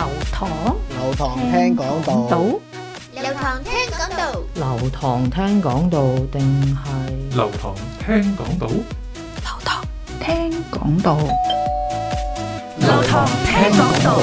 流堂，流堂聽講道，流堂聽講道，流堂聽講道定係流堂聽講道，流堂聽講道，流堂聽講道，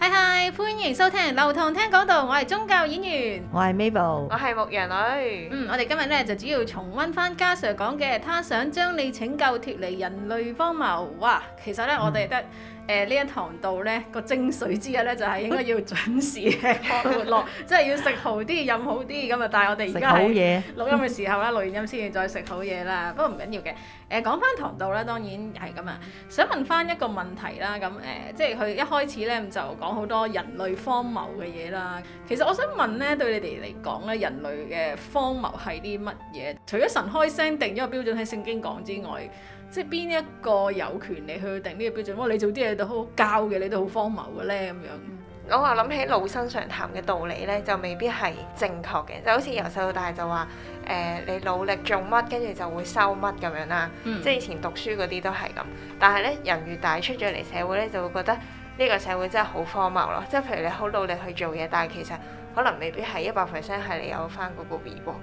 嗨嗨，歡迎收聽流堂聽講道，我係宗教演員，我係 Mabel，我係牧羊女，嗯，我哋今日咧就主要重溫翻家 sir 講嘅，他想將你拯救脫離人類荒謬。哇，其實咧我哋得。誒呢、呃、一堂道呢個精髓之一呢，就係、是、應該要準時嘅活活落， 即係要食好啲飲好啲咁啊！但係我哋而家好嘢，錄音嘅時候啦，錄完音先至再食好嘢啦。不過唔緊要嘅。誒、呃、講翻堂道啦，當然係咁啊。想問翻一個問題啦，咁誒、呃、即係佢一開始呢，就講好多人類荒謬嘅嘢啦。其實我想問呢，對你哋嚟講呢，人類嘅荒謬係啲乜嘢？除咗神開聲定咗個標準喺聖經講之外。即係邊一個有權力去定呢個標準？哇！你做啲嘢都好交嘅，你都好荒謬嘅咧咁樣。我話諗起老生常談嘅道理咧，就未必係正確嘅。就好似由細到大就話，誒、呃、你努力做乜，跟住就會收乜咁樣啦。嗯、即係以前讀書嗰啲都係咁。但係咧，人越大出咗嚟社會咧，就會覺得呢個社會真係好荒謬咯。即係譬如你好努力去做嘢，但係其實可能未必係一百 percent 係你有翻嗰個回報。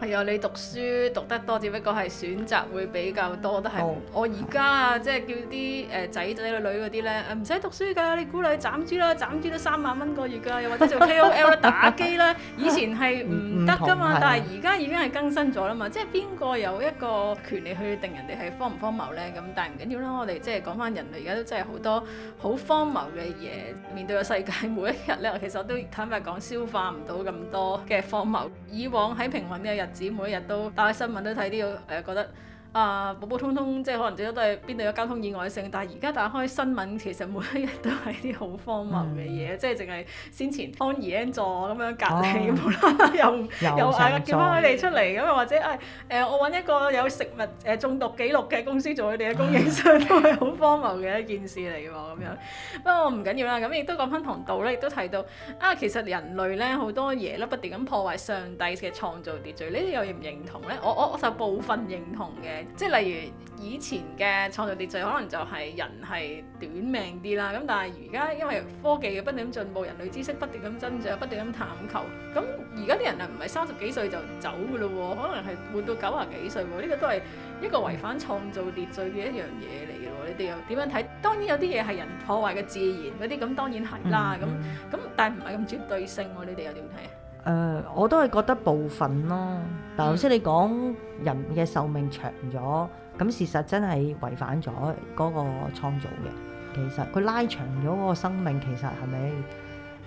係啊、哎，你讀書讀得多，只不過係選擇會比較多。都係、oh, 我而家的、呃、啊，即係叫啲誒仔仔女女嗰啲咧，唔使讀書㗎，你鼓勵斬豬啦，斬豬都三萬蚊個月㗎，又或者做 K O L 打機啦。以前係唔得㗎嘛，但係而家已經係更新咗啦嘛。即係邊個有一個權利去定人哋係荒唔荒謬咧？咁但係唔緊要啦，我哋即係講翻人類而家都真係好多好荒謬嘅嘢，面對個世界每一日咧，其實我都坦白講消化唔到咁多嘅荒謬。以往喺平穩嘅日日子每一日都打開新聞，都睇啲，誒覺得。啊，普普通通即係可能最多都係邊度有交通意外性。但係而家打開新聞，其實每一日都係啲好荒謬嘅嘢，嗯、即係淨係先前安兒安坐咁樣隔離，啊、又又嗌又、啊、叫翻佢哋出嚟咁又或者誒、啊呃、我揾一個有食物、呃、中毒記錄嘅公司做佢哋嘅供應商，嗯、都係好荒謬嘅一件事嚟喎，咁樣，不過唔緊要啦，咁亦都講翻唐道咧，亦都提到啊，其實人類呢好多嘢咧不斷咁破壞上帝嘅創造秩序，呢啲有認唔認同呢？我我我就部分認同嘅。即係例如以前嘅創造秩序，可能就係人係短命啲啦。咁但係而家因為科技嘅不斷咁進步，人類知識不斷咁增長，不斷咁探求，咁而家啲人啊唔係三十幾歲就走㗎咯喎，可能係活到九啊幾歲喎。呢個都係一個違反創造秩序嘅一樣嘢嚟嘅喎。你哋又點樣睇？當然有啲嘢係人破壞嘅自然嗰啲，咁當然係啦。咁咁、嗯嗯、但係唔係咁絕對性喎。你哋又點睇啊？誒、呃，我都係覺得部分咯。嗱，頭先你講人嘅壽命長咗，咁事實真係違反咗嗰個創造嘅。其實佢拉長咗嗰個生命，其實係咪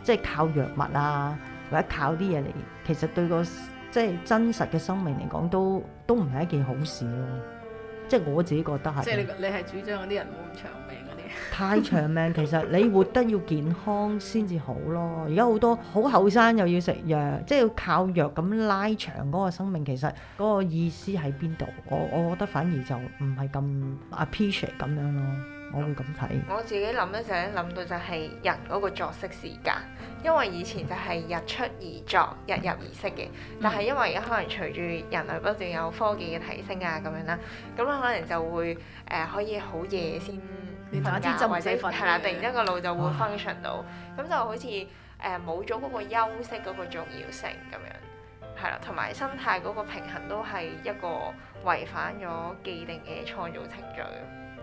即係靠藥物啊，或者靠啲嘢嚟？其實對個即係真實嘅生命嚟講，都都唔係一件好事咯、啊。即係我自己覺得係。即係你，你係主張嗰啲人冇咁長命。 太長命，其實你活得要健康先至好咯。而家好多好後生又要食藥，即係要靠藥咁拉長嗰個生命，其實嗰個意思喺邊度？我我覺得反而就唔係咁 appreciate 咁樣咯。我會咁睇。我自己諗一想，諗到就係人嗰個作息時間，因為以前就係日出而作， 日入而息嘅。但係因為而家可能隨住人類不斷有科技嘅提升啊咁樣啦，咁樣可能就會誒、呃、可以好夜先。有啲滯滯，係啦，突然之間個腦就會 function、啊、到，咁就好似誒冇咗嗰個休息嗰個重要性咁樣，係啦，同埋生態嗰個平衡都係一個違反咗既定嘅創造程序。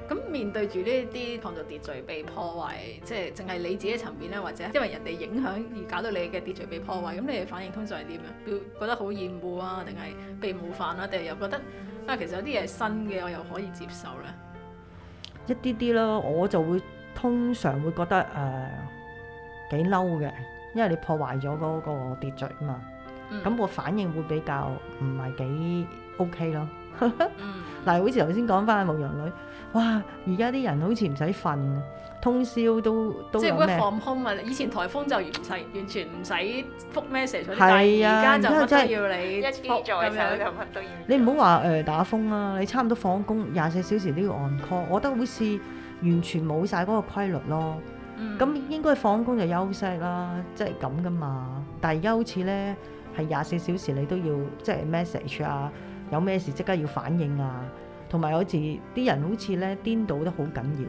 咁面對住呢啲創造秩序被破壞，即係淨係你自己層面咧，或者因為人哋影響而搞到你嘅秩序被破壞，咁你反應通常係點啊？表覺得好厭惡啊，定係被冒犯啦、啊，定係又覺得啊，其實有啲嘢係新嘅，我又可以接受啦。一啲啲咯，我就會通常會覺得誒幾嬲嘅，因為你破壞咗嗰個秩序啊嘛。咁、嗯、我反應會比較唔係幾 OK 咯。嗱， 好似頭先講翻嘅牧羊女，哇！而家啲人好似唔使瞓。通宵都都即係 work from home 啊,以前颱風就完全完全唔使覆 message，但係而家就乜都要你 一咁樣你唔好話誒打風啊！你差唔多放工廿四小時都要 on call，我覺得好似完全冇晒嗰個規律咯。咁、嗯、應該放工就休息啦，即係咁㗎嘛。但係而家好似咧係廿四小時你都要即係 message 啊，有咩事即刻要反應啊，同埋好似啲人好似咧顛倒得好緊要。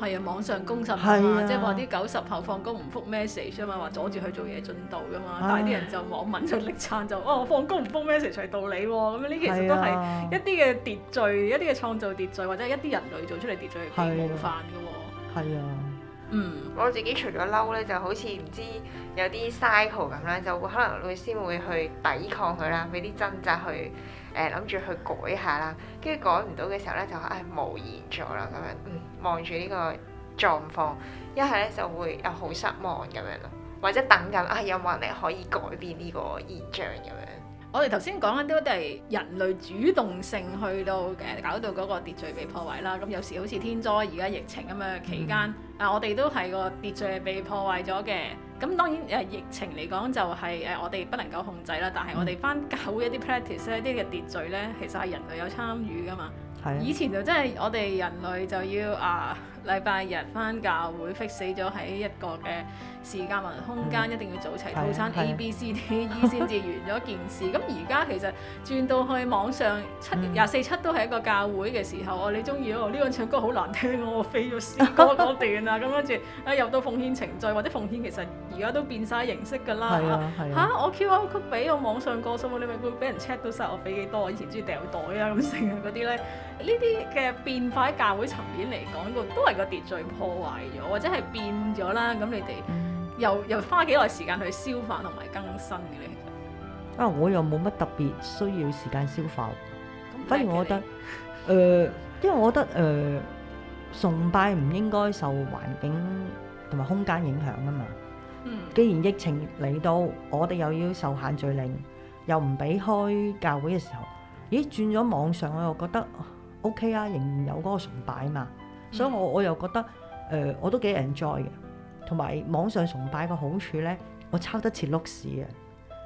係啊，網上公審嘛啊，即係話啲九十後放工唔覆 message 啊嘛，話阻住佢做嘢進度嘅嘛，啊、但係啲人就網民就力撐就哦放工唔覆 message 係道理喎，咁樣呢其實都係一啲嘅秩序，啊、一啲嘅創造秩序或者一啲人類做出嚟秩序係冒犯嘅喎。係啊，啊嗯，我自己除咗嬲咧，就好似唔知有啲 cycle 咁啦，就會可能會先會去抵抗佢啦，俾啲掙扎去。誒諗住去改下啦，跟住改唔到嘅時候咧，就唉無言咗啦，咁樣嗯望住呢個狀況，一係咧就會又好失望咁樣咯，或者等緊啊有冇人嚟可以改變呢個現象咁樣。我哋頭先講緊都係人類主動性去到誒搞到嗰個秩序被破壞啦，咁有時好似天災而家疫情咁嘅期間，啊、嗯、我哋都係個秩序被破壞咗嘅。咁當然誒、呃、疫情嚟講就係、是、誒、呃、我哋不能夠控制啦，但係我哋翻舊一啲 practice 咧、一啲嘅秩序咧，其實係人類有參與㗎嘛。以前就真係我哋人類就要啊禮拜日返教會 fix 死咗喺一個嘅時間同空間，一定要組齊套餐 A B C D E 先至完咗件事。咁而家其實轉到去網上七廿四七都係一個教會嘅時候，我你中意我呢個唱歌好難聽，我飛咗詩歌嗰段啊！咁跟住啊入到奉獻程序，或者奉獻其實而家都變晒形式㗎啦嚇！我 QR code 俾我網上過數，你咪會俾人 check 到晒我俾幾多？以前中意掉袋啊咁成啊嗰啲咧。呢啲嘅變化喺教會層面嚟講，個都係個秩序破壞咗，或者係變咗啦。咁你哋又、嗯、又花幾耐時間去消化同埋更新嘅咧？其實啊，我又冇乜特別需要時間消化。嗯、反而我覺得，誒、呃，因為我覺得誒、呃，崇拜唔應該受環境同埋空間影響啊嘛。嗯。既然疫情嚟到，我哋又要受限聚令，又唔俾開教會嘅時候，咦，轉咗網上我又覺得。O、okay、K 啊，仍然有嗰個崇拜嘛，嗯、所以我我又覺得誒、呃，我都幾 enjoy 嘅。同埋網上崇拜嘅好處咧，我抄得遲碌屎啊！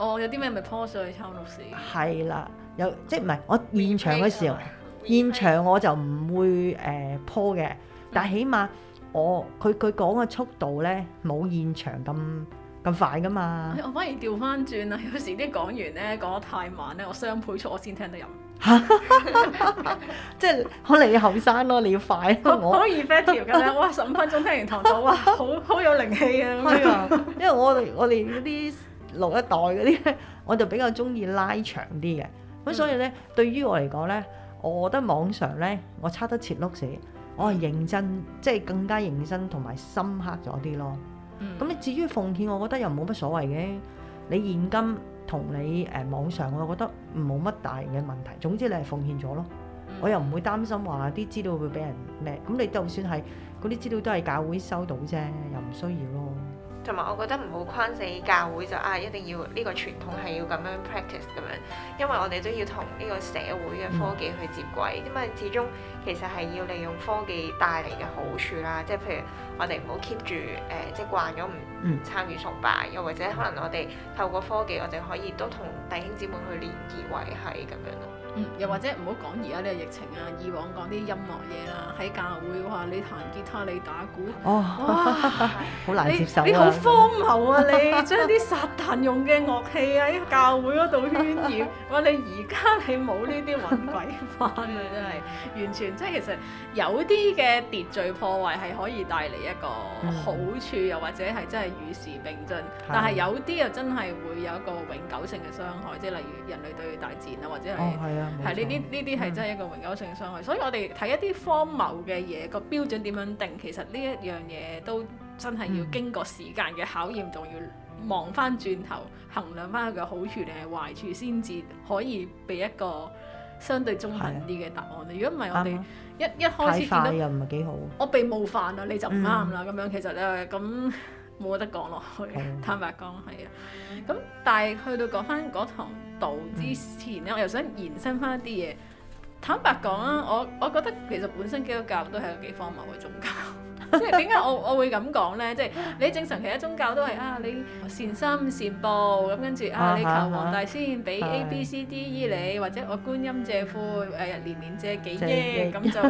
哦，有啲咩咪 po 上去抄碌屎？係啦，有即係唔係我現場嗰時候，啊、現場我就唔會誒 po 嘅。但係起碼我佢佢講嘅速度咧，冇現場咁咁快噶嘛、哎。我反而調翻轉啦，有時啲講員咧講,講得太慢咧，我雙倍速我先聽得入。 即係可能你後生咯，你要快咯，我好 reflective 咁樣，哇十五分鐘聽完堂堂，哇好好有靈氣啊！因為我哋我哋嗰啲六一代嗰啲，我就比較中意拉長啲嘅。咁所以咧，嗯、對於我嚟講咧，我覺得網上咧，我差得切碌死，我係認真，即、就、係、是、更加認真同埋深刻咗啲咯。咁你、嗯、至於奉獻，我覺得又冇乜所謂嘅。你現今同你誒、呃、網上，我覺得冇乜大型嘅問題。總之你係奉獻咗咯，我又唔會擔心話啲資料會俾人咩。咁你就算係嗰啲資料都係教會收到啫，又唔需要咯。同埋我覺得唔好框死教會就啊一定要呢個傳統係要咁樣 practice 咁樣，因為我哋都要同呢個社會嘅科技去接軌，因為始終其實係要利用科技帶嚟嘅好處啦。即係譬如我哋唔好 keep 住誒，即係慣咗唔參與崇拜，又或者可能我哋透過科技，我哋可以都同弟兄姊妹去連結維繫咁樣咯。嗯，又或者唔好講而家呢個疫情啊，以往講啲音樂嘢啦，喺教會話你彈吉他、你打鼓，oh, 哇，好難接受，你好荒謬啊！ 你將啲撒旦用嘅樂器喺教會嗰度渲染，我話你而家你冇呢啲揾鬼翻啊！真係 完全即係其實有啲嘅秩序破壞係可以帶嚟一個好處，又、mm. 或者係真係與時並進，但係有啲又真係會有一個永久性嘅傷害，即係例如人類對大自然啊，或者係、oh,。係呢啲呢啲係真係一個永久性傷害，嗯、所以我哋睇一啲荒謬嘅嘢，個標準點樣定，其實呢一樣嘢都真係要經過時間嘅考驗，仲、嗯、要望翻轉頭衡量翻佢嘅好處定係壞處，先至可以俾一個相對中肯啲嘅答案。如果唔係，我哋一、啊、一開始見到，又唔係幾好，我被冒犯啦，你就唔啱啦。咁、嗯、樣其實咧咁。冇得講落去，坦白講係啊。咁但係去到講翻嗰堂道之前咧，我又想延伸翻一啲嘢。坦白講啊，我我覺得其實本身基督教都係個幾荒謬嘅宗教。即係點解我我會咁講咧？即係你正常其他宗教都係啊，你善心善報，咁跟住啊，你求黃大仙俾 A B C DE 你，或者我觀音借庫誒年年借幾億咁就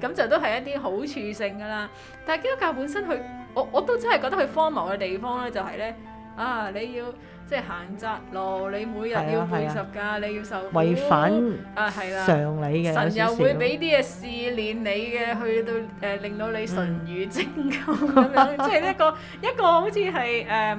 咁就都係一啲好處性㗎啦。但係基督教本身佢。我我都真係覺得佢荒謬嘅地方咧、就是，就係咧啊！你要即係行窄路，你每日要背十架，啊、你要受違反啊，係啦、啊，常理嘅神又會俾啲嘢試煉你嘅，去到誒、呃、令到你純如精金咁樣，嗯、 即係一個一個好似係誒。呃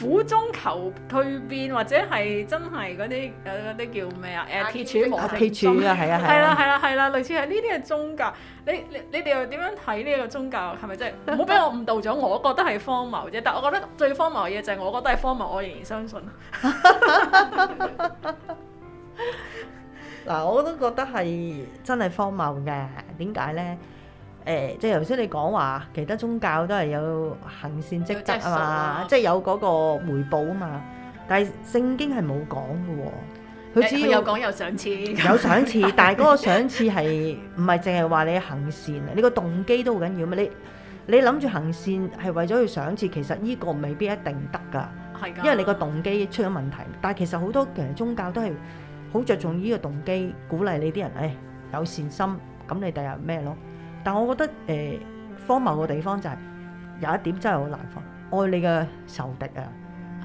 苦中求蛻變，或者係真係嗰啲嗰啲叫咩啊？誒，鐵柱磨鐵柱啊，係啊，係啦，係啦，係啦，類似係呢啲嘅宗教。你你你哋又點樣睇呢一個宗教？係咪啫？唔好俾我誤導咗。我覺得係荒謬啫，但係我覺得最荒謬嘅嘢就係我覺得係荒謬，我仍然相信。嗱，我都覺得係真係荒謬嘅。點解咧？誒、欸，即係頭先你講話，其他宗教都係有行善積德啊嘛，啊即係有嗰個回報啊嘛。但係聖經係冇講嘅喎，佢只佢又講有賞賜，欸、有賞賜，有賞賜 但係嗰個賞賜係唔係淨係話你行善啊？你個動機都好緊要啊！你你諗住行善係為咗去賞賜，其實呢個未必一定得㗎，係的因為你個動機出咗問題。但係其實好多其實宗教都係好着重呢個動機，鼓勵你啲人誒、哎、有善心，咁你第日咩咯？但我覺得誒、呃、荒謬嘅地方就係、是、有一點真係好難防愛你嘅仇敵啊！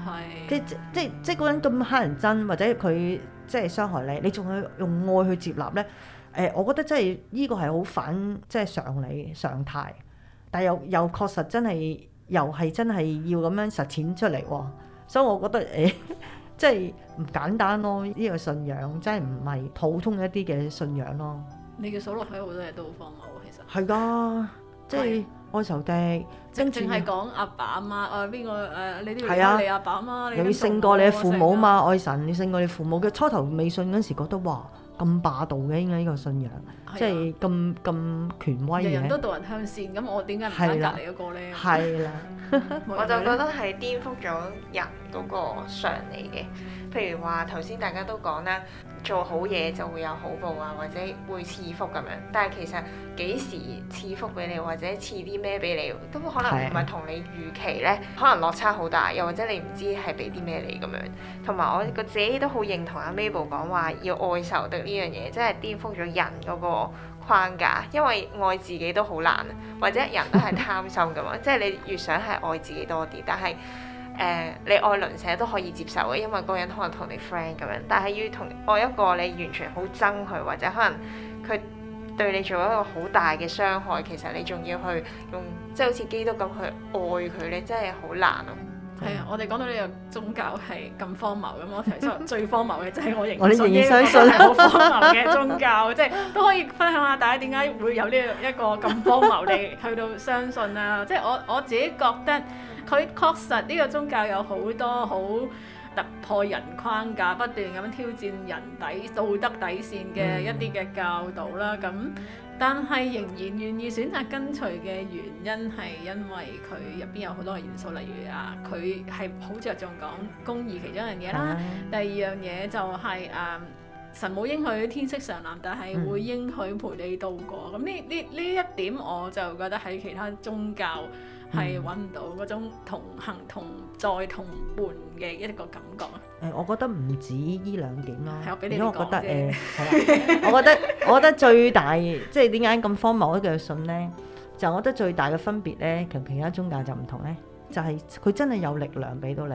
係、啊、即即即即嗰人咁乞人憎，或者佢即係傷害你，你仲去用愛去接納咧？誒、呃，我覺得真係呢、這個係好反即係常理常態，但係又又確實真係又係真係要咁樣實踐出嚟，啊、所以我覺得誒，即係唔簡單咯，呢、這個信仰真係唔係普通一啲嘅信仰咯。你嘅數落去好多嘢都好荒謬。係噶，即係愛仇敵，正正係講阿爸阿媽，誒邊個誒你都要啊，你阿爸阿媽，的你要勝過你父母嘛？的愛神，你勝過你父母嘅。初頭，未信嗰時覺得哇咁霸道嘅，啊，應該呢個信仰，的即係咁咁權威嘅，啊。人人都道人向善，咁我點解唔得隔籬嗰個咧？係啦， 我就覺得係顛覆咗人嗰個常嚟嘅。譬如話頭先大家都講啦，做好嘢就會有好報啊，或者會賜福咁、啊、樣。但係其實幾時賜福俾你，或者賜啲咩俾你，都可能唔係同你預期呢，可能落差好大。又或者你唔知係俾啲咩你咁樣。同埋我個自己都好認同阿 Mabel 講話要愛受的呢樣嘢，真係顛覆咗人嗰個框架，因為愛自己都好難，或者人都係貪心噶嘛， 即係你越想係愛自己多啲，但係。誒，你愛鄰舍都可以接受嘅，因為嗰人可能同你 friend 咁樣，但係要同愛一個你完全好憎佢，或者可能佢對你做一個好大嘅傷害，其實你仲要去用，即係好似基督咁去愛佢，你真係好難啊！係啊，我哋講到呢個宗教係咁荒謬，咁我其實最荒謬嘅就係我認，我哋仍然相信係好荒謬嘅宗教，即係都可以分享下大家點解會有呢一個咁荒謬你去到相信啦，即係我我自己覺得。佢確實呢個宗教有好多好突破人框架、不斷咁挑戰人底道德底線嘅一啲嘅教導啦。咁、mm. 但係仍然願意選擇跟隨嘅原因係因為佢入邊有好多嘅元素，例如啊，佢係好着重講公義，其中一樣嘢啦。Mm. 第二樣嘢就係、是、誒、啊、神冇應許天色常藍，但係會應許陪你度過。咁呢呢呢一點我就覺得喺其他宗教，係揾唔到嗰種同行同在同伴嘅一個感覺。誒、欸，我覺得唔止呢兩點咯，因為、欸、我，我覺得誒、呃， 我覺得我覺得最大即係點解咁荒謬嘅一個信咧，就我覺得最大嘅分別咧，同其他宗教就唔同咧，就係、是、佢真係有力量俾到你。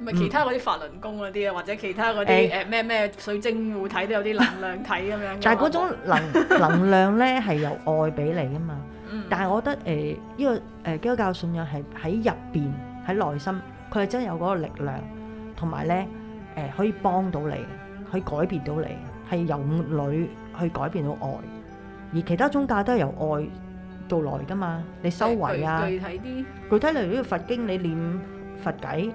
唔係其他嗰啲法輪功嗰啲啊，或者其他嗰啲誒咩咩水晶護體都有啲能量體咁樣。 但係嗰種能 能量咧係由愛俾你啊嘛。但係我覺得，誒，呢個，誒，基督教信仰係喺入邊，喺內心，佢係真有嗰個力量，同埋咧，誒，可以幫到你，去改變到你，係由愛去改變到愛，而其他宗教都係由愛到來㗎嘛，你修為啊，具體啲，具體例如佛經你念佛偈，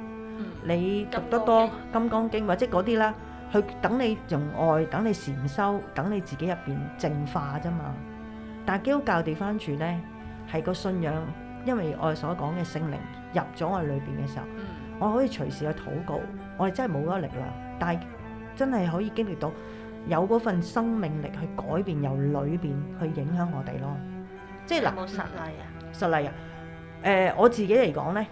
你讀得多《金剛經》或者嗰啲啦，去等你用愛，等你禪修，等你自己入邊淨化啫嘛。但基督教地翻轉咧，係個信仰，因為我哋所講嘅聖靈入咗我哋裏邊嘅時候，嗯、我可以隨時去禱告，我哋真係冇嗰個力量，但係真係可以經歷到有嗰份生命力去改變，由裏邊去影響我哋咯。即係嗱，有冇實例啊？實例啊？誒，我自己嚟講咧，誒、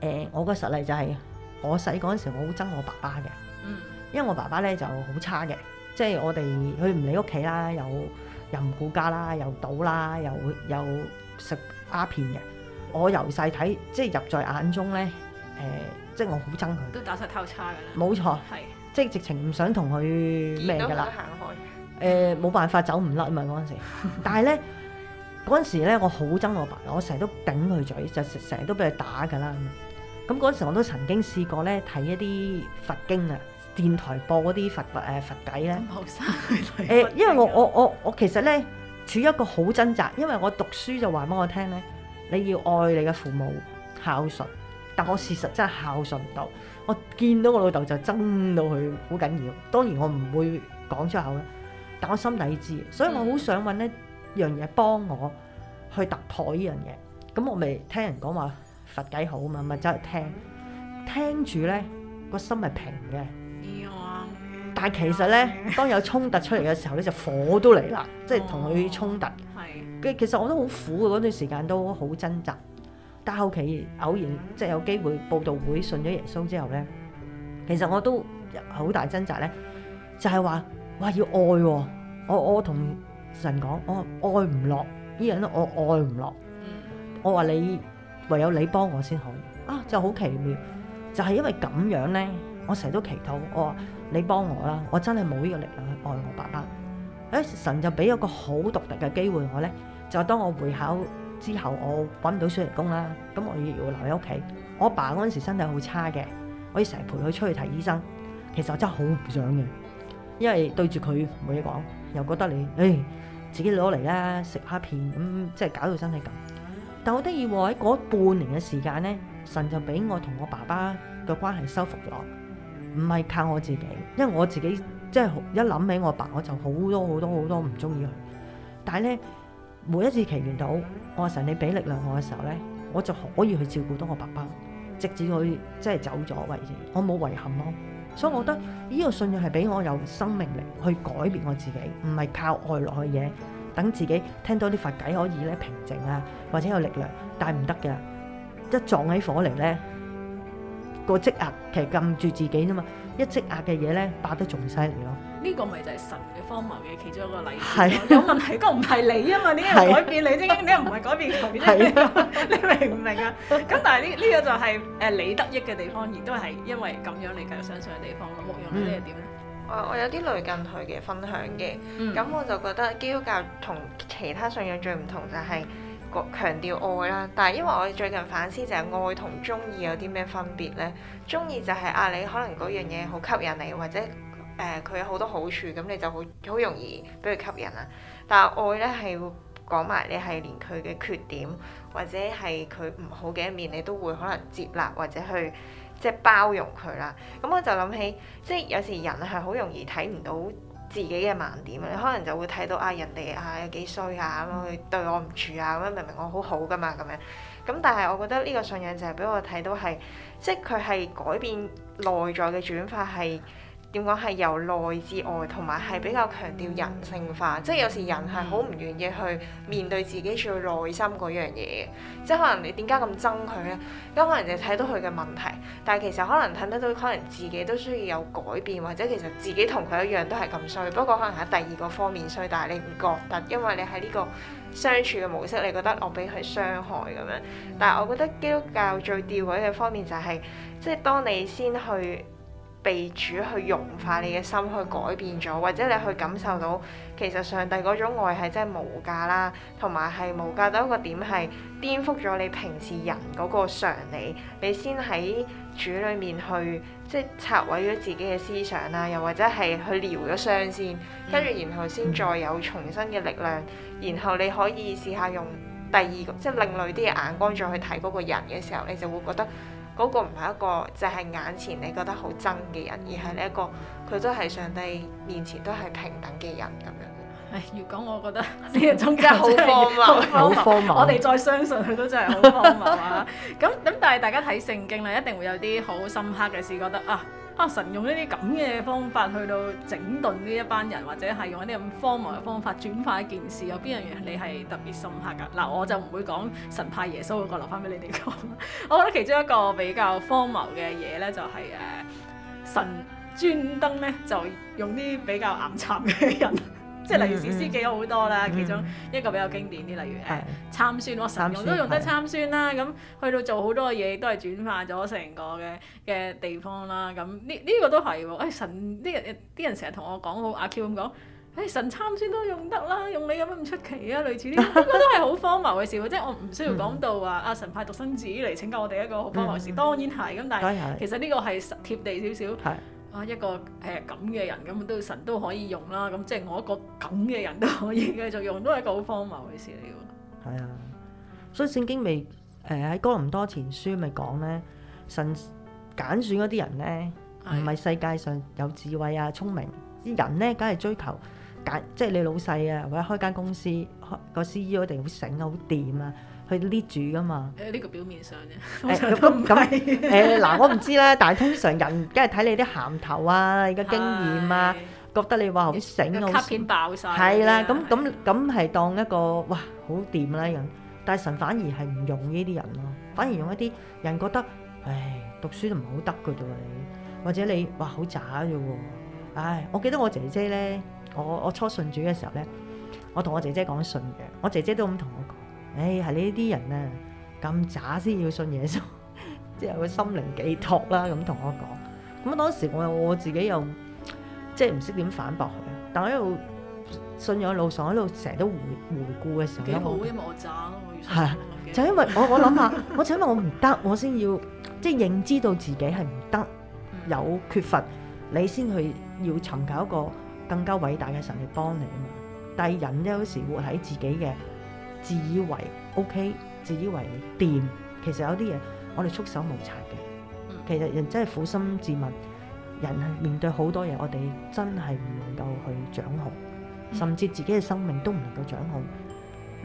呃，我個實例就係我細嗰陣時，我好憎我，我爸爸嘅，嗯、因為我爸爸咧就好差嘅，即係我哋佢唔理屋企啦，有。又唔顧家啦，又賭啦，又又食鴉片嘅。我由細睇，即係入在眼中咧，誒、呃，即係我好憎佢。都打晒偷叉噶啦！冇錯，係是即係直情唔想同佢咩噶啦。行開，誒，冇、呃、辦法走唔甩啊嘛，嗰陣時。 但係咧，嗰陣時咧，我好憎我爸，我成日都頂佢嘴，就成日都俾佢打㗎啦。咁嗰陣時我都曾經試過咧睇一啲佛經啊。電台播嗰啲佛誒、呃、佛偈咧，學生、 欸、因為我我我我其實咧處於一個好掙扎，因為我讀書就話俾我聽咧，你要愛你嘅父母孝順，但我事實真係孝順唔到，我見到我老豆就憎到佢好緊要，當然我唔會講出口啦，但我心底知，所以我好想揾一樣嘢幫我去突破呢樣嘢，咁我咪聽人講話佛偈好啊嘛，咪走去聽，聽住呢個心係平嘅。但其實咧， 當有衝突出嚟嘅時候咧，就火都嚟啦，即係同佢衝突。係、哦，其實我都好苦嘅，嗰段時間都好掙扎。但係後期偶然即係有機會佈道會信咗耶穌之後咧，其實我都好大掙扎咧，就係、是、話哇要愛、哦、我，我同神講，我我愛唔落，呢人我愛唔落。我話你唯有你幫我先好。啊，就好奇妙，就係、是、因為咁樣咧。我成日都祈禱，我話你幫我啦，我真係冇呢個力量去愛我爸爸。誒、欸，神就俾咗個好獨特嘅機會我呢，就當我會考之後，我揾唔到暑期工啦，咁我要留喺屋企。我爸嗰陣時身體好差嘅，我要成日陪佢出去睇醫生。其實我真係好唔想嘅，因為對住佢冇嘢講，又覺得你誒、欸、自己攞嚟啦，食下片咁、嗯，即係搞到身體咁。但我得意喎，喺嗰半年嘅時間呢，神就俾我同我爸爸嘅關係修復咗。唔係靠我自己，因為我自己即係一諗起我阿爸，我就好多好多好多唔中意佢。但係咧，每一次祈禱到我阿神，你俾力量我嘅時候咧，我就可以去照顧到我爸爸，直至佢即係走咗為止，我冇遺憾咯。所以我覺得呢個信仰係俾我有生命力去改變我自己，唔係靠外來嘅嘢等自己聽到啲佛偈可以咧平靜啊，或者有力量，但係唔得嘅，一撞起火嚟咧。個積壓其實撳住自己啫嘛，一積壓嘅嘢咧爆得仲犀利咯。呢個咪就係神嘅荒謬嘅其中一個例子。係，有問題個唔係你啊嘛，呢個改變你，即係你又唔係改變佢啫，你明唔明啊？咁但係呢呢個就係誒你得益嘅地方，亦都係因為咁樣繼續相信嘅地方咯。牧羊人你係點咧？我我有啲類近佢嘅分享嘅，咁我就覺得基督教同其他信仰最唔同就係。強調愛啦，但係因為我最近反思就係愛同中意有啲咩分別呢？中意就係、是、啊，你可能嗰樣嘢好吸引你，或者誒佢、呃、有好多好處，咁你就好好容易俾佢吸引啦。但係愛呢係會講埋你係連佢嘅缺點或者係佢唔好嘅一面，你都會可能接納或者去即係、就是、包容佢啦。咁我就諗起，即係有時人係好容易睇唔到。自己嘅盲點啊，你可能就會睇到啊人哋啊有幾衰啊咁樣，佢對我唔住啊咁樣，明明我好好㗎嘛咁樣。咁但係我覺得呢個信仰就係俾我睇到係，即係佢係改變內在嘅轉化係。點講係由內至外，同埋係比較強調人性化，即係有時人係好唔願意去面對自己最內心嗰樣嘢嘅，即係可能你點解咁憎佢呢？因為人哋睇到佢嘅問題，但係其實可能睇得到，可能自己都需要有改變，或者其實自己同佢一樣都係咁衰，不過可能喺第二個方面衰，但係你唔覺得，因為你喺呢個相處嘅模式，你覺得我俾佢傷害咁樣。但係我覺得基督教最吊詭嘅方面就係、是，即係當你先去。被主去融化你嘅心，去改變咗，或者你去感受到其實上帝嗰種愛係真係無價啦，同埋係無價到一個點係顛覆咗你平時人嗰個常理，你先喺主裏面去即係拆毀咗自己嘅思想啊，又或者係去療咗傷先，跟住然後先再有重新嘅力量，然後你可以試下用第二個即係另類啲嘅眼光再去睇嗰個人嘅時候，你就會覺得。嗰個唔係一個就係、是、眼前你覺得好憎嘅人，而係你一個佢都係上帝面前都係平等嘅人咁樣。誒、哎，如果我覺得呢個宗教真係好荒謬，我哋再相信佢都真係好荒謬啦。咁咁， 但係大家睇聖經咧，一定會有啲好深刻嘅事，覺得啊～啊！神用一啲咁嘅方法去到整頓呢一班人，或者係用一啲咁荒謬嘅方法轉化一件事，有邊樣嘢你係特別深刻㗎？嗱，我就唔會講神派耶穌嗰個留返畀你哋講。 我覺得其中一個比較荒謬嘅嘢咧，就係、是、誒、呃、神專登咧就用啲比較岩殘嘅人。 即係例如《士師記》有好多啦，嗯、其中一個比較經典啲，例如誒、嗯欸、參孫，我神用都用得參孫啦。咁、嗯嗯、去到做好多嘢都係轉化咗成個嘅嘅地方啦。咁呢呢個都係喎、哎。神啲人啲人成日同我講，好阿 Q 咁講，誒、哎、神參孫都用得啦，用你有乜唔出奇啊？類似呢啲、這個、都係好荒謬嘅事。 即係我唔需要講到話、啊、阿神派獨生子嚟拯救我哋一個好荒謬嘅事，嗯、當然係咁。但係其實呢個係貼地少少。 啊！一個誒咁嘅人咁都神都可以用啦，咁、嗯、即係我一個咁嘅人都可以繼續用，都係個好荒謬嘅事嚟喎。係啊，所以聖經咪誒喺哥林多前書咪講咧，神揀選嗰啲人咧，唔係世界上有智慧啊、聰明啲人咧，梗係追求揀即係你老細啊，或者開間公司開個 C E O 一定會醒啊，好掂啊！去呢住噶嘛？誒呢個表面上嘅。誒咁咁誒嗱，我唔知啦。但係通常人梗係睇你啲鹹頭啊，而家經驗啊，覺得你話好醒，好。卡片爆曬。係啦，咁咁咁係當一個哇，好掂啦！咁，但係神反而係唔用呢啲人咯，反而用一啲人覺得，唉，讀書都唔好得嘅啫喎，或者你哇好渣啫喎。唉，我記得我姐姐咧，我我初信主嘅時候咧，我同我姐姐講信仰，我姐姐都咁同我講。誒係呢啲人啊咁渣先要信耶穌，即係個心靈寄託啦，咁同我講。咁啊當時我我自己又即係唔識點反駁佢，但係喺度信仰路上喺度成日都回回顧嘅時候，好我因為我渣咯，啊、就因為我我諗下，我就因為我唔得，我先要即係認知到自己係唔得有缺乏你，你先去要尋求一個更加偉大嘅神嚟幫你啊嘛。但係人有時活喺自己嘅。自以為 OK，自以為掂，其實有啲嘢我哋束手無策嘅。其實人真係苦心自問，人面對好多嘢，我哋真係唔能夠去掌控，甚至自己嘅生命都唔能夠掌控。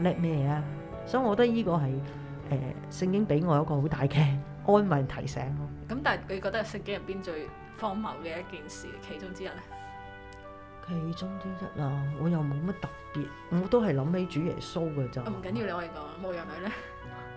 叻咩啊？所以我覺得呢個係誒、呃、聖經俾我一個好大嘅 安慰提醒咯。咁但係你覺得聖經入邊最荒謬嘅一件事，其中之一咧？其中之一啦，我又冇乜特別，我都係諗起主耶穌嘅咋。唔緊要你，可以講冇人女咧。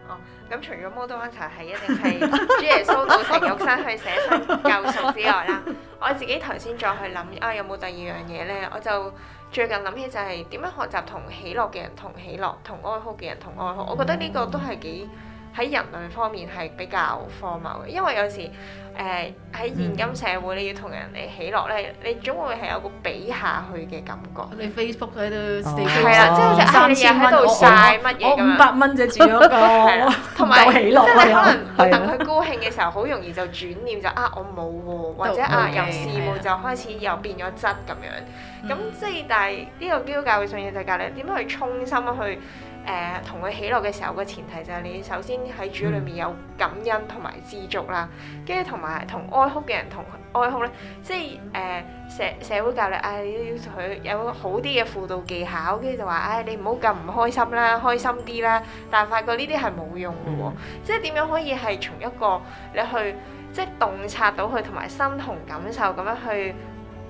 哦，咁除咗 Model answer 係一定係 主耶穌道成肉身去捨身救贖之外啦，我自己頭先再去諗啊、哎，有冇第二樣嘢咧？我就最近諗起就係點樣學習同喜樂嘅人同喜樂，同哀哭嘅人同哀哭。我覺得呢個都係幾。喺人類方面係比較荒謬嘅，因為有時誒喺、呃、現今社會，你要同人哋喜樂咧，你總會係有個比下去嘅感覺。你 Facebook 喺度四千，係啦，oh, uh, 即係好似阿爺喺度曬乜嘢咁樣。五百蚊啫，轉咗、嗰個同埋喜樂。即係可能佢等佢高興嘅時候，好容易就轉念就啊我冇喎、啊，或者啊由羨慕就開始又變咗質咁樣。咁即係但係呢個基督教嘅信仰就係教你點去衷心去。誒同佢起落嘅時候個前提就係你首先喺主裏面有感恩同埋知足啦，嗯、跟住同埋同哀哭嘅人同哀哭咧，即係誒、呃、社社會教你，誒你要佢有好啲嘅輔導技巧，跟住就話，唉、哎，你唔好咁唔開心啦，開心啲啦，但係發覺呢啲係冇用嘅喎、哦，嗯、即係點樣可以係從一個你去即係、就是、洞察到佢同埋身同感受咁樣去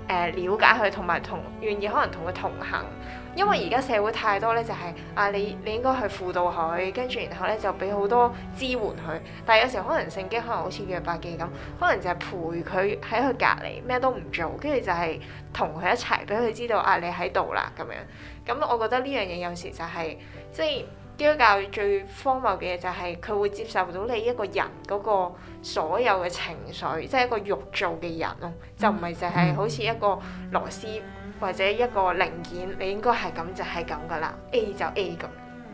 誒瞭解佢同埋同願意可能同佢同行。因為而家社會太多咧、就是，就係啊，你你應該去輔導佢，跟住然後咧就俾好多支援佢。但係有時候可能性經聖經可能好似約伯記咁，可能就係陪佢喺佢隔離，咩都唔做，跟住就係同佢一齊，俾佢知道啊你喺度啦咁樣。咁我覺得呢樣嘢有時就係即係基督教最荒謬嘅嘢，就係佢會接受到你一個人嗰個所有嘅情緒，即、就、係、是、一個肉做嘅人咯，就唔係就係好似一個螺絲。或者一個零件，你應該係咁就係咁噶啦，A 就 A 咁，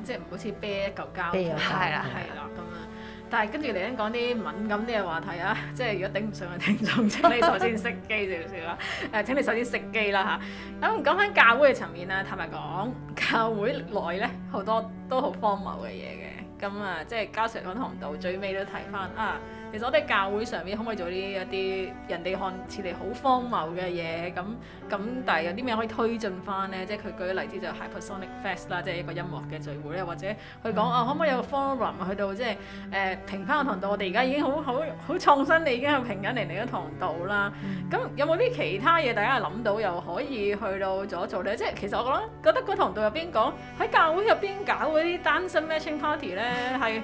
即係唔好似啤一嚿膠，係啦係啦咁啊。但係跟住嚟緊講啲敏感啲嘅話題啊， 即係如果頂唔順嘅聽眾，請你首先熄機少少啦。誒、 啊，請你首先熄機啦嚇。咁、啊、講翻教會嘅層面啦，坦白講，教會內咧好多都好荒謬嘅嘢嘅。咁、嗯、啊，即係加上講堂道，最尾都睇翻啊。Mm hmm. 其實我哋教會上面可唔可以做啲一啲人哋看似嚟好荒謬嘅嘢咁咁，但係有啲咩可以推進翻咧？即係佢舉個例子就係 Hypersonic Fest 啦，即係一個音樂嘅聚會咧，或者佢講、嗯、啊，可唔可以有個 forum 去到即係誒評翻個堂度。」我哋而家已經好好好創新，你已經係平緊零嚟嘅堂度啦。咁、嗯、有冇啲其他嘢大家諗到又可以去到咗做咧？即係其實我覺得覺得堂度入邊講喺教會入邊搞嗰啲單身 matching party 咧係。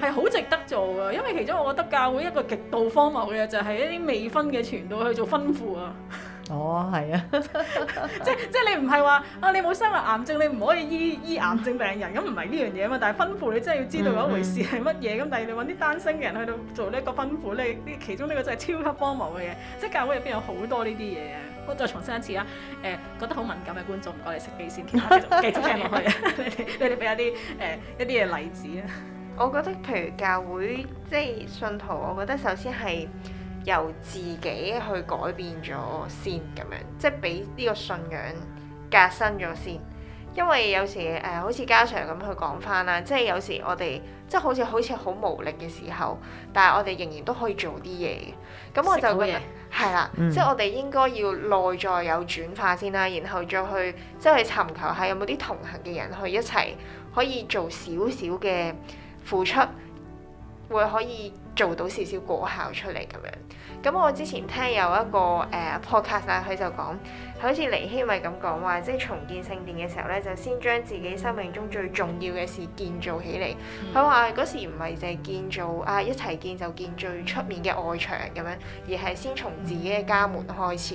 係好值得做嘅，因為其中我覺得教會一個極度荒謬嘅就係一啲未婚嘅傳道去做婚輔、哦、啊。哦，係啊，即即你唔係話啊，你冇生癌癌症，你唔可以醫醫癌症病人咁，唔係呢樣嘢嘛。但係婚輔你真係要知道有一回事係乜嘢咁，嗯嗯、但係你揾啲單身嘅人去到做呢一個婚輔，咧，呢其中呢個真係超級荒謬嘅嘢。即教會入邊有好多呢啲嘢啊。我再重申一次啊！誒、呃、覺得好敏感嘅觀眾唔該你熄機先，其他繼續聽落去啊。 你哋俾一啲誒一啲嘅例子啊。我覺得，譬如教會即係信徒，我覺得首先係由自己去改變咗先，咁樣即係俾呢個信仰革新咗先。因為有時誒、呃，好似家常咁去講返啦，即係有時我哋即係好似好似好無力嘅時候，但係我哋仍然都可以做啲嘢嘅。咁我就覺得係啦，嗯、即係我哋應該要內在有轉化先啦，然後再去即係去尋求下有冇啲同行嘅人去一齊可以做少少嘅。付出會可以做到少少果效出嚟咁樣。咁我之前聽有一個誒、uh, podcast 啦，佢就講，好似尼希米咁講話，即、就、係、是、重建聖殿嘅時候咧，就先將自己生命中最重要嘅事建造起嚟。佢話嗰時唔係淨係建造啊一齊建就建最出面嘅外牆咁樣，而係先從自己嘅家門開始。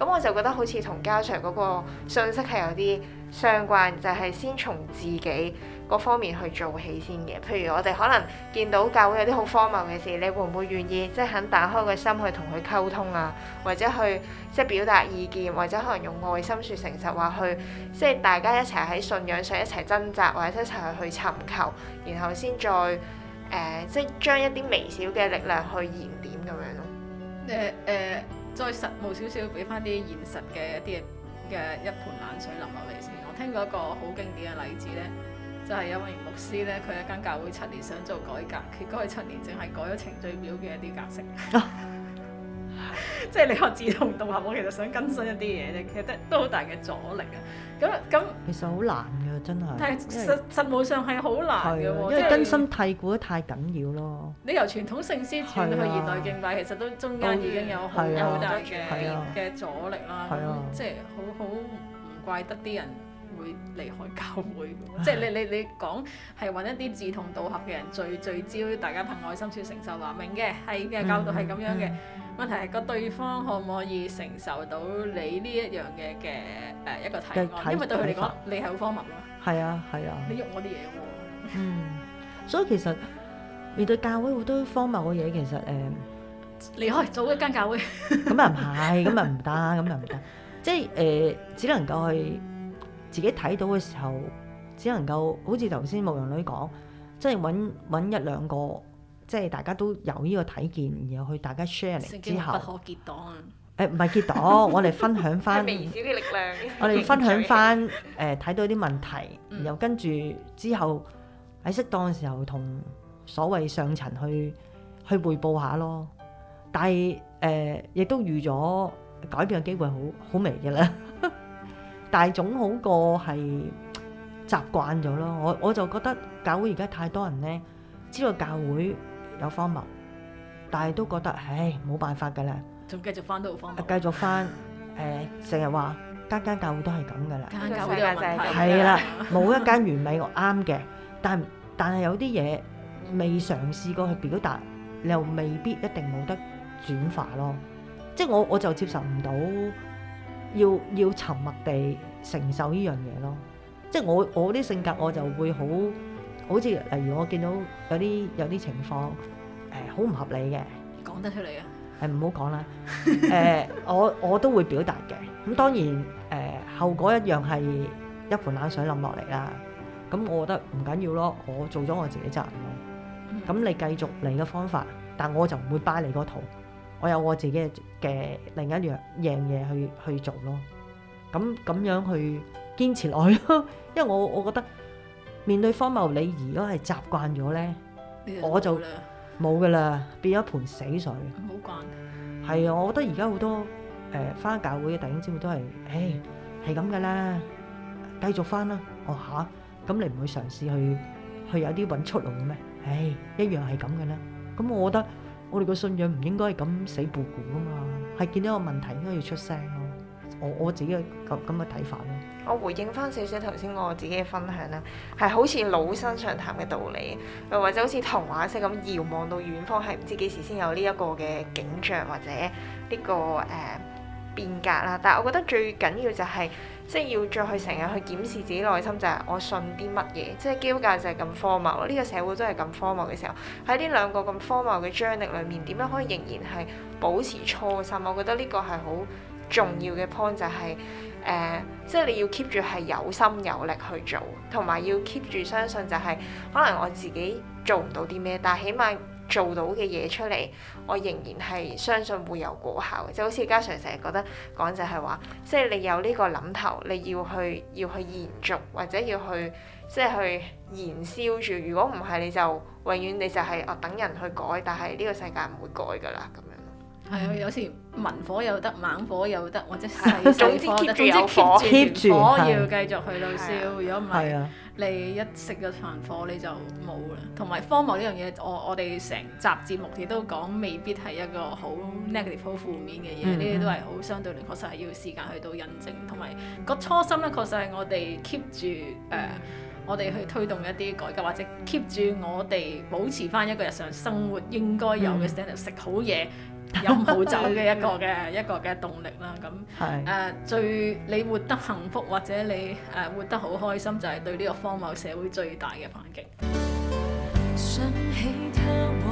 咁我就覺得好似同嘉祥嗰個信息係有啲相關，就係、是、先從自己。各方面去做起先嘅，譬如我哋可能見到教會有啲好荒謬嘅事，你會唔會願意即係、就是、肯打開個心去同佢溝通啊？或者去即係表達意見，或者可能用愛心說誠實話去，去即係大家一齊喺信仰上一齊掙扎，或者一齊去尋求，然後先再誒、呃，即係將一啲微小嘅力量去燃點咁樣咯。誒誒、呃呃，再實務少少，俾翻啲現實嘅一啲嘅一盆冷水淋落嚟先。我聽過一個好經典嘅例子咧。就係有位牧師咧，佢一間教會七年想做改革，結果佢七年淨係改咗程序表嘅一啲格式，即係你我自動導入，我其實想更新一啲嘢啫，其實都好大嘅阻力啊！咁咁其實好難㗎，真係。但係實實務上係好難嘅喎，因為根深蒂固得太緊要咯。你由傳統聖詩轉去現代敬拜，其實都中間已經有好大嘅嘅阻力啦，即係好好唔怪得啲人。會離開教會，即係你你你講係揾一啲志同道合嘅人聚聚焦，大家憑愛心處承受話明嘅係嘅教導係咁樣嘅，問題係個對方可唔可以承受到你呢一樣嘅嘅誒一個體現，因為對佢嚟講你係好荒謬咯。係啊，係啊。你用我啲嘢喎。嗯，所以其實面對教會好多荒謬嘅嘢，其實誒離開，做一間教會咁啊唔係，咁啊唔得，咁啊唔得，即係誒只能夠去。自己睇到嘅時候，只能夠好似頭先牧羊女講，即係揾揾一兩個，即係大家都有呢個睇見，然後去大家 sharing 之後，不可結黨。誒唔係結黨， 我哋分享翻微小力量。 我哋分享翻誒睇到啲問題，然後跟住之後喺適當嘅時候同所謂上層去去匯報下咯。但係誒、呃、亦都預咗改變嘅機會好好微嘅啦。 但係總好過係習慣咗咯。我我就覺得教會而家太多人咧，知道教會有荒謬，但係都覺得唉冇辦法㗎啦。仲繼續翻都好方便，啊。繼續翻誒，成日話間間教會都係咁㗎啦，間教會係啦了，冇一間完美 我啱嘅。但係但係有啲嘢未嘗試過去表達，你又未必一定冇得轉化咯。即係我我就接受唔到。要要沉默地承受呢樣嘢咯，即係我我啲性格我就會好，好似例如我見到有啲有啲情況誒好唔合理嘅，講得出嚟嘅係唔好講啦。誒、呃 呃、我我都會表達嘅，咁當然誒、呃、後果一樣係一盆冷水淋落嚟啦。咁我覺得唔緊要咯，我做咗我自己責任咯。咁你繼續你嘅方法，但我就唔會買你個帳。我有我自己嘅另一樣嘢去去做咯，咁咁樣去堅持落去咯，因為我我覺得面對荒謬，你如果係習慣咗咧，我就冇噶啦，變咗一盆死水。好慣。係啊，我覺得而家好多誒翻教會嘅弟兄姊妹都係，唉，係咁噶啦，繼續翻啦。我嚇，咁你唔會嘗試去去有啲揾出路嘅咩？唉，一樣係咁噶啦。咁我覺得。我哋個信仰唔應該係咁死固固噶嘛，係見到個問題應該要出聲咯。我我自己嘅咁咁嘅睇法咯。我回應返少少頭先我自己嘅分享啦，係好似老生常談嘅道理，又或者好似童話式咁遙望到遠方，係唔知幾時先有呢一個嘅景象或者呢、呢個誒、呃、變革啦。但係我覺得最緊要就係。即係要再去成日去檢視自己內心，就係、是、我信啲乜嘢？即係基督教就係咁荒謬咯。呢、這個社會都係咁荒謬嘅時候，喺呢兩個咁荒謬嘅張力裏面，點樣可以仍然係保持初心？我覺得呢個係好重要嘅 point，就係、是、誒、呃，即係你要 keep 住係有心有力去做，同埋要 keep 住相信、就是，就係可能我自己做唔到啲咩，但係起碼。做到嘅嘢出嚟，我仍然係相信會有果效嘅。就好似嘉祥成日覺得講，就係話，即係你有呢個諗頭，你要去要去延續或者要去即係、就是、去燃燒住。如果唔係，你就永遠你就係、是、哦等人去改，但係呢個世界唔會改噶啦咁。係啊，有時文火又得，猛火又得，或者細火，但係總之 keep 住火要繼續去到燒。如果唔係，你一熄咗場火你就冇啦。同埋荒謬呢樣嘢，我我哋成集節目亦都講，未必係一個好 negative 好負面嘅嘢。呢啲、 嗯、都係好相對嚟，確實係要時間去到印證。同埋個初心咧，確實係我哋 keep 住誒。Uh, 我哋去推動一啲改革，或者 keep 住我哋保持翻一個日常生活應該有嘅 standup，食、嗯、好嘢、飲好酒嘅一個嘅 一個嘅動力啦。咁誒是、呃、最你活得幸福，或者你誒、呃、活得好開心，就係、是、對呢個荒謬社會最大嘅反擊。